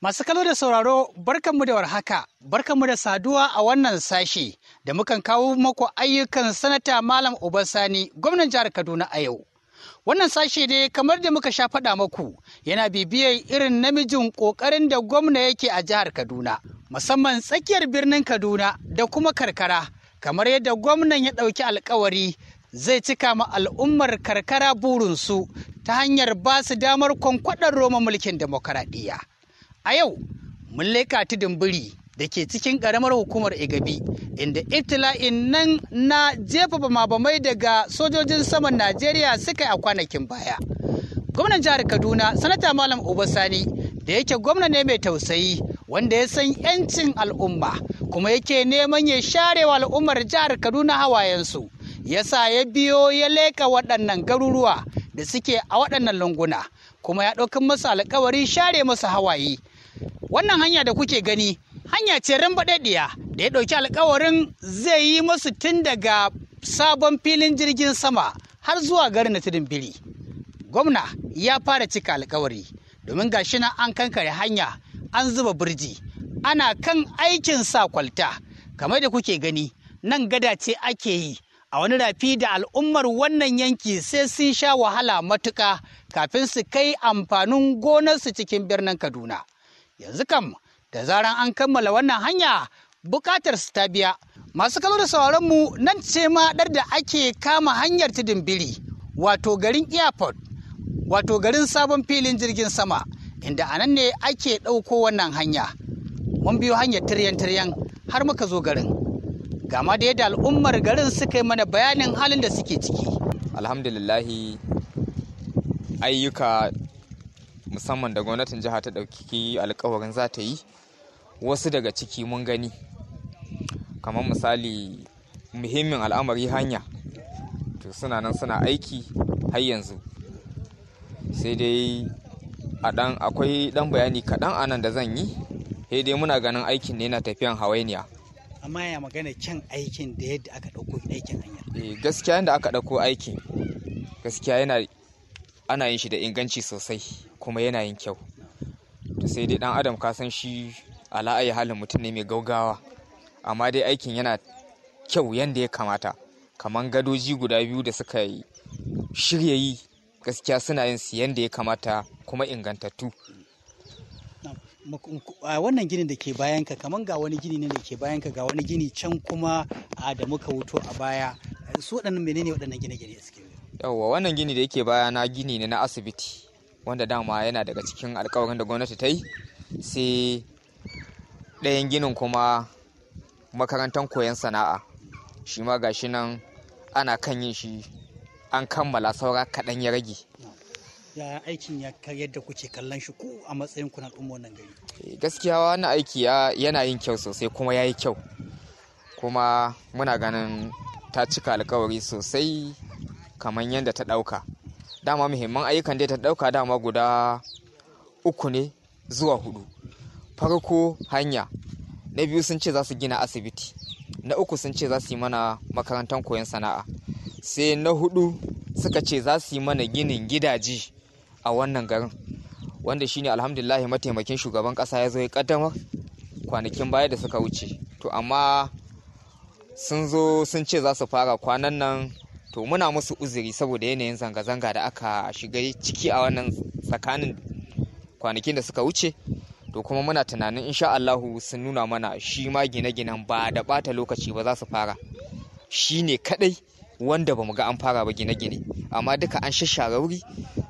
Masu kallo da sauraro barkanmu da warhaka, barkanmu da saduwa a wannan sashi da mukan kawo maku ayyukan sanata Malam Sani, gwamnan jihar Kaduna a yau. Wannan sashe ne kamar da muka sha faɗa maku yana bibiyar irin namijin ƙoƙarin da gwamna yake a jihar Kaduna, musamman tsakiyar birnin Kaduna da kuma karkara, kamar yadda gwamnan ya ɗauki alkawari zai cika ma al'ummar karkara burinsu ta hanyar ba su damar kwankwaɗar Roma mulkin demokaraɗiyya. A yau, mun leka tudun biri da ke cikin ƙaramar hukumar Igabi, inda itila'in nan na jefa bamabamai daga sojojin saman Najeriya suka yi a kwanakin baya. Gwamnan jihar Kaduna, Sanata Malam Obasani, da yake gwamna ne mai tausayi, wanda ya san 'yancin al'umma, kuma yake neman ya share al'ummar jihar Kaduna hawayensu. ya sa ya biyo ya leka waɗannan garuruwa da suke a waɗannan lunguna. kuma ya ɗaukan masu alkawari share masu hawaye wannan hanya da kuke gani hanya ce rambaɗaɗɗiya da ya ɗauki alkawarin zai yi masu tun daga sabon filin jirgin sama har zuwa garin na tudun biri gwamna ya fara cika alkawari domin ga shi nan an kankare hanya an zuba birji ana kan aikin sa kwalta kamar da kuke gani nan gada ce ake yi a wani rafi da al'ummar wannan yanki sai sun sha wahala matuka kafin su kai amfanin gonarsu cikin birnin kaduna yanzu kam da zaran an kammala wannan hanya bukatar su ta biya masu kalo da sauraron mu nan ce ma dar da ake kama hanyar tudun biri wato garin airport wato garin sabon filin jirgin sama inda a nan ne ake ɗauko wannan hanya mun biyo hanyar tiryan-tiryan har muka zo garin gama da yadda al'ummar garin suka yi mana bayanin halin da suke ciki alhamdulillahi ayyuka musamman da gwamnatin jiha ta ɗauki alkawarin za ta yi wasu daga ciki mun gani kamar misali muhimmin al'amari hanya to suna nan suna aiki har yanzu sai dai a dan akwai dan bayani kaɗan a nan da zan yi sai dai muna ganin aikin ne na tafiyan hawainiya amma ya magana kyan aikin da yadda aka ɗauko aikin hanya eh, gaskiya yadda aka ɗauko aikin gaskiya yana ana yin shi da inganci sosai kuma yana yin kyau to sai dai dan adam ka san shi ala ayi halin mutum ne mai gaugawa amma dai aikin yana kyau yanda ya kamata kamar gadoji guda biyu da suka yi shirya yi gaskiya suna yin su yanda ya kamata kuma ingantattu a wannan ginin da ke bayanka kamar ga wani gini ne da ke bayanka ga wani gini can kuma da muka wuto a baya su waɗannan menene waɗannan gine-gine suke yawwa wannan gini da yake baya na gini ne na asibiti wanda dama yana daga cikin alkawarin da gwamnati ta yi sai ɗayan ginin kuma makarantar koyon sana'a shi ma gashi nan ana kan yin shi an kammala saura kaɗan ya rage ya aikin ya yadda kuke kallon shi ko a matsayin kuna wannan gari eh, gaskiya wannan aiki yana yin kyau sosai kuma ya yi kyau kuma muna ganin ta cika alkawari sosai kamar yadda ta ɗauka dama muhimman ayyukan da ta dauka dama guda uku ne zuwa hudu farko hanya na biyu sun ce za su gina asibiti na uku sun ce za su yi mana makarantar koyon sana'a sai na hudu suka ce za su yi mana ginin gidaje a wannan garin wanda shine alhamdulillah mataimakin shugaban kasa ya zo ya kaddamar kwanakin baya da suka wuce to amma sun zo sun ce za su fara kwanan nan to muna musu uzuri saboda yanayin zanga-zanga da aka shiga ciki a wannan tsakanin kwanakin da suka wuce to kuma muna tunanin insha Allahu sun nuna mana shi ma gine-ginen ba da bata lokaci ba za su fara shi ne kadai wanda ba mu ga an fara ba gine-gine amma duka an shashara wuri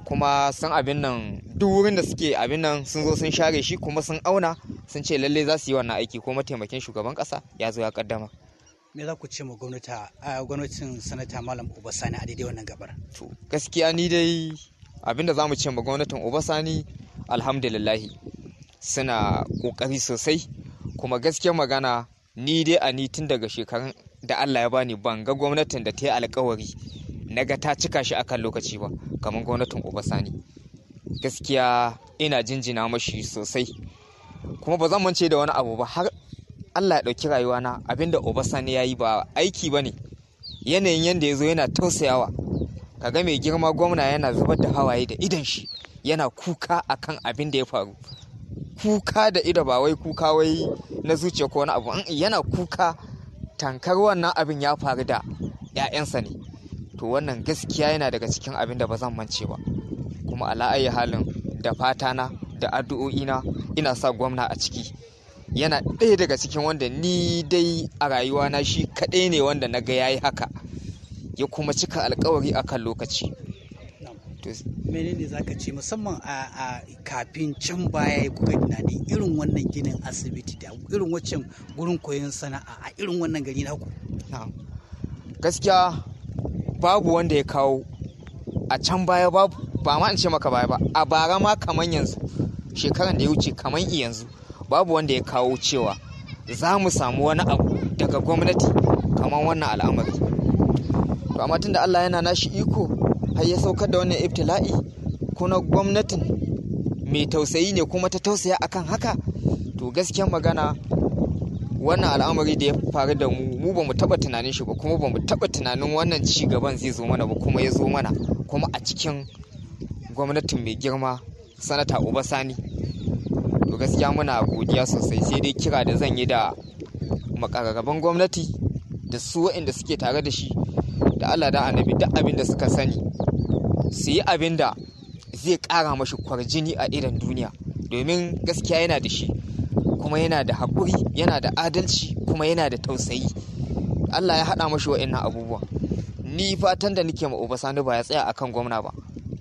kuma sun abin nan duk wurin da suke abin nan sun zo sun share shi kuma sun auna sun ce lalle za su yi wannan aiki ko mataimakin shugaban kasa ya zo ya kaddama me za ku ce ma gwamnatin sanata malam obasani a daidai wannan gabar to gaskiya ni dai abinda za mu ce ma gwamnatin obasani alhamdulillahi suna kokari sosai kuma gaskiya magana ni dai a ni tun daga shekarun da allah ya bani ban ga gwamnatin da ta yi alkawari na ga ta cika shi akan lokaci ba kamar gwamnatin obasani gaskiya ina jinjina mashi sosai kuma ba zan mance da wani abu ba har Allah ya ɗauki rayuwa rayuwana abinda Obasani ya yi ba aiki ba ne yanayin yadda ya zo yana tausayawa Ka ga mai girma gwamna yana zubar da hawaye da idan shi yana kuka akan abin da ya faru kuka da ido ba wai kuka wai na zuciya ko wani abu mm, yana kuka tankar wannan abin ya faru da 'ya'yansa ne to wannan gaskiya yana daga cikin abin da ba zan mance ba kuma ala'ayi halin da fatana da addu'o'ina ina sa gwamna a ciki yana ɗaya daga cikin wanda ni dai a rayuwa na shi kaɗai ne wanda na ga ya yi haka ya kuma cika alkawari kan lokaci menene za ka ce musamman a kafin can baya ya kuka tunani irin wannan ginin asibiti da irin waccan gurin koyon sana'a a irin wannan gari ku gaskiya babu wanda ya kawo a can baya babu ba ma in ce maka baya ba a bara ma kamar yanzu shekaran da ya wuce kamar yanzu babu wanda ya kawo cewa za mu samu wani abu daga gwamnati kamar wannan al'amari to amma tunda Allah yana nashi iko har ya saukar da wannan ibtila'i kuna gwamnatin mai tausayi ne kuma ta tausaya akan haka to gaskiyar magana wannan al'amari da ya faru da mu mu ba mu taba tunanin shi ba kuma ba mu taba tunanin wannan ci gaban zai zo mana ba kuma ya zo mana kuma a cikin gwamnatin mai girma sanata Sani. to gaskiya muna godiya sosai sai dai kira da zan yi da makararraban gwamnati da su waɗanda suke tare da shi da Allah da annabi duk abin da suka sani su yi abin da zai ƙara mashi kwarjini a idan duniya domin gaskiya yana da shi kuma yana da haƙuri yana da adalci kuma yana da tausayi Allah ya haɗa mashi waɗannan abubuwa ni fatan da nake ma uba sanu ba ya tsaya akan gwamna ba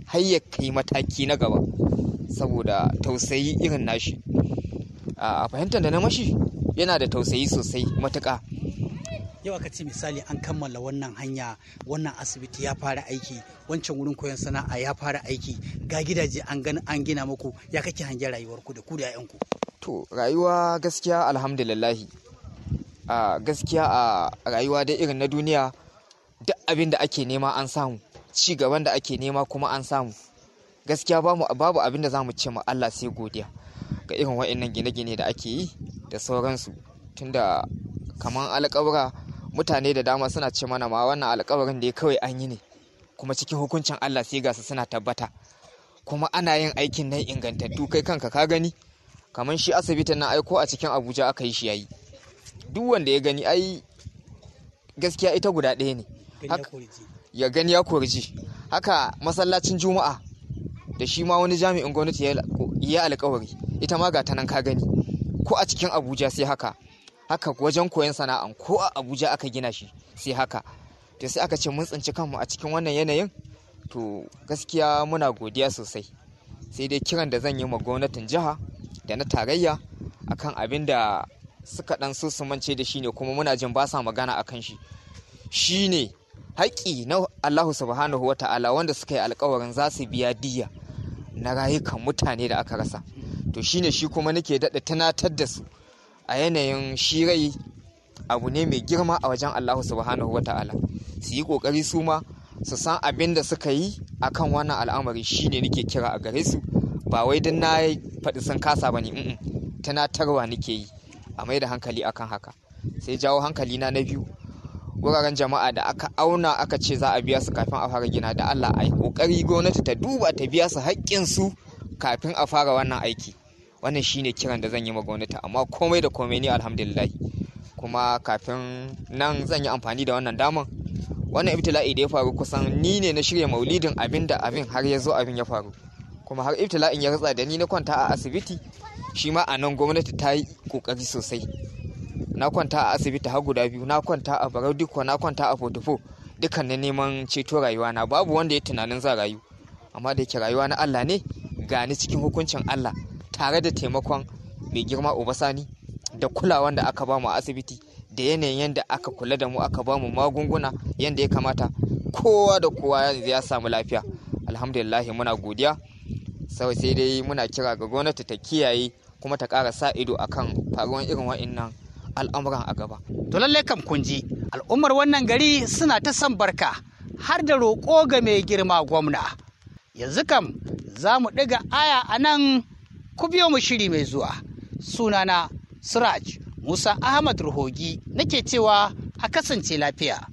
har ya kai mataki na gaba saboda tausayi irin nashi a fahimtar da na mashi yana da tausayi sosai matuƙa yau aka ce misali an kammala wannan hanya wannan asibiti ya fara aiki wancan wurin koyon sana'a ya fara aiki ga gidaje an gani an gina muku ya kake hangen rayuwarku da ku da 'ya'yanku. to rayuwa gaskiya alhamdulillahi a gaskiya a rayuwa da irin na duniya duk abin da ake nema an samu ci gaban da ake nema kuma an samu gaskiya babu abin da za mu ce ma Allah sai godiya ga irin wa'annan gine-gine da ake yi da sauransu tunda kaman alƙawura mutane da dama suna ce mana ma wannan alƙawarin da ya kawai an yi ne kuma cikin hukuncin Allah sai ga su suna tabbata kuma ana yin aikin nan ingantattu kai kanka ka gani kamar shi asibitin nan aiko a cikin Abuja aka yi shi yayi duk wanda ya gani ai gaskiya ita guda ɗaya ne ya gani ya korji haka masallacin juma'a da shi ma wani jami'in gwamnati ya alkawari ita ma ga ta nan ka gani ko a cikin abuja sai haka haka wajen koyon sana'an ko a abuja aka gina shi sai haka to sai aka ce mun tsinci kanmu a cikin wannan yanayin to gaskiya muna godiya sosai sai dai kiran da zan yi ma gwamnatin jiha da na tarayya akan abin da suka dan so su mance da shi ne kuma muna jin ba sa magana akan shi shine haƙƙi na Allahu subhanahu ta'ala wanda suka yi alkawarin za su biya diyya. na rayukan mutane da aka rasa to shine shi kuma nake daɗa tunatar da su a yanayin shirai abu ne mai girma a wajen allahu subhanahu wa ta'ala su yi ƙoƙari su ma su san abin da suka yi akan wannan al'amari shine nake kira a gare su ba wai don na faɗi sun kasa ba ne tunatarwa nake yi a mai da hankali akan haka sai jawo hankali na na biyu wuraren jama'a da aka auna aka ce za a biya su kafin a fara gina da Allah a kokari gwamnati ta duba ta biya su haƙƙin su kafin a fara wannan aiki wannan shine kiran da zan yi ma gwamnati amma komai da komai ne alhamdulillah kuma kafin nan zan yi amfani da wannan daman wannan ibtila'i da ya faru kusan ni ne na shirya maulidin abin da abin har ya zo abin ya faru kuma har ibtila'in ya rutsa da ni na kwanta a asibiti shi ma a nan gwamnati ta yi kokari sosai na kwanta a asibiti har guda biyu na kwanta a barau duka na kwanta a fotofo dukkan na neman ceto rayuwa na babu wanda ya tunanin za rayu amma da yake rayuwa na Allah ne gani cikin hukuncin Allah tare da taimakon mai girma Obasani da kulawan da aka bamu a asibiti da yanayin yadda aka kula da mu aka bamu magunguna yadda ya kamata kowa da kowa yanzu ya samu lafiya alhamdulillah muna godiya sai dai muna kira ga gwamnati ta kiyaye kuma ta ƙara sa ido akan faruwan irin wa'innan al'amuran a gaba to lalle kam kun ji al'ummar wannan gari suna ta son barka har da roƙo ga mai girma gwamna yanzu kam za mu ɗiga aya a nan ku biyo mu shiri mai zuwa sunana siraj musa ahmad ruhogi nake cewa a kasance lafiya